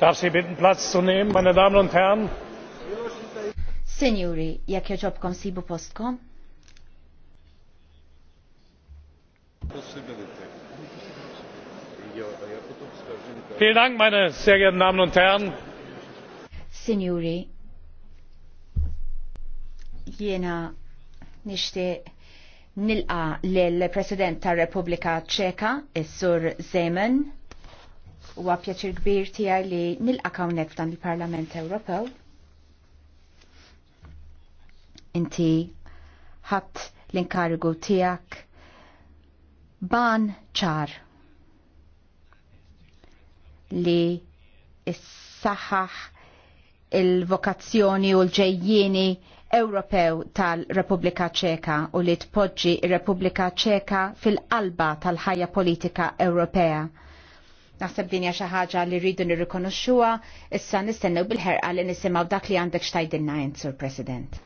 Darf Sie bitten Platz zu nehmen, meine Damen und Herren? Signori, jak jekk joġobkom sibu postkom? Vielen Dank, meine sehr geehrten Damen und Herren. Signori, jena nishtiq nilqa l-President tar Repubblika Ċeka, sur Zeman, u għapjaċir kbir tijaj li nilqa kawnek f'dan il-Parlament Ewropew. Inti ħadd l-inkarigu tijak ban ċar li s-saħħaħ il-vokazzjoni u l ġejjini Ewropew tal-Repubblika Ċeka u li tpoġġi r-Repubblika Ċeka fil-qalba tal-ħajja politika Ewropea. Naħseb din hija xi ħaġa li rridu nirrikonoxxuha, issa nistennew bil-ħerqa li nisimgħu dak li għandek xtajdilna Sur President.